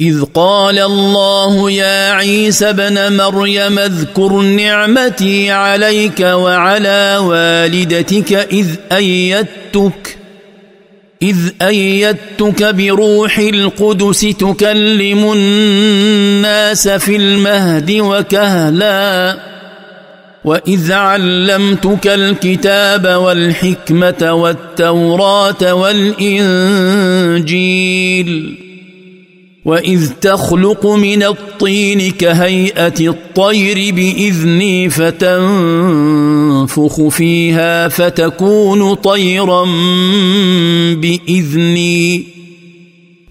إذ قال الله يا عيسى ابن مريم اذكر نعمتي عليك وعلى والدتك إذ أيدتك إذ أيدتك بروح القدس تكلم الناس في المهد وكهلا وإذ علمتك الكتاب والحكمة والتوراة والإنجيل واذ تخلق من الطين كهيئه الطير باذني فتنفخ فيها فتكون طيرا باذني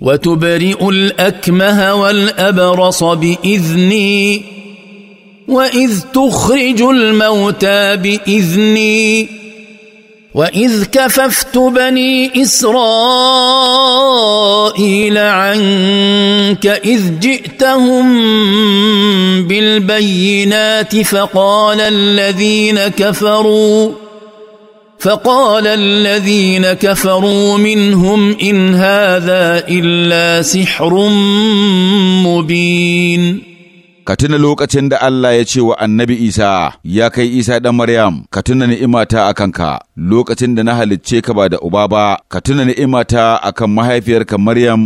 وتبرئ الاكمه والابرص باذني واذ تخرج الموتى باذني واذ كففت بني اسرائيل عنك اذ جئتهم بالبينات فقال الذين كفروا فقال الذين كفروا منهم ان هذا الا سحر مبين ka tuna lokacin da Allah ya ce wa annabi Isa, ya kai Isa ɗan Maryam, ka tuna ni'imata a kanka, lokacin da na halicce ka ba da uba ba, ka tuna ni'imata a kan mahaifiyarka Maryam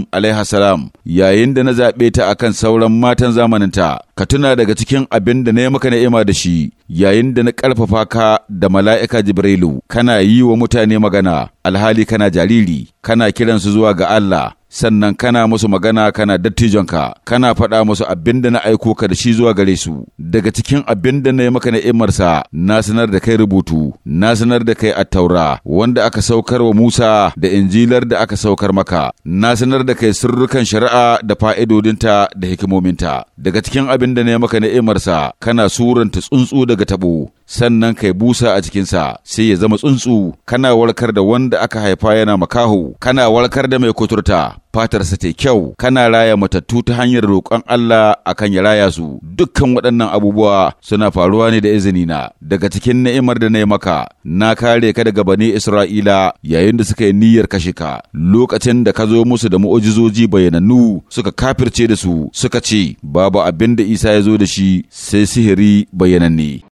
salam yayin da na zaɓe ta a kan sauran matan zamaninta, ka tuna daga cikin abin da na yi maka ni'ima da shi, yayin da na ƙarfafa ka da mala'ika Jibrilu, kana yi wa mutane magana, alhali kana jariri, kana kiransu zuwa ga Allah, sannan kana musu magana kana dattijonka kana faɗa musu abin da na aiko ka da shi zuwa gare su daga cikin abin da na yi maka ni'imarsa na sanar da kai rubutu na sanar da kai attaura wanda aka saukar wa Musa da injilar da aka saukar maka na sanar da kai sirrukan shari'a da fa'idodinta da hikimominta daga cikin abin da na yi maka ni'imarsa kana suranta tsuntsu daga tabo sannan kai busa a cikinsa sai ya zama tsuntsu kana warkar da wanda aka haifa yana makaho kana warkar da mai kuturta fatarsa ta kyau kana raya matattu ta hanyar roƙon Allah akan ya raya su dukkan waɗannan abubuwa suna faruwa ne da izini na daga cikin ni'imar da na yi maka na kare ka daga bani Isra'ila yayin da suka yi niyyar kashe ka lokacin da ka zo musu da mu'ujizoji bayanannu suka kafirce da su suka ce babu abin da Isa ya zo da shi sai sihiri bayyananne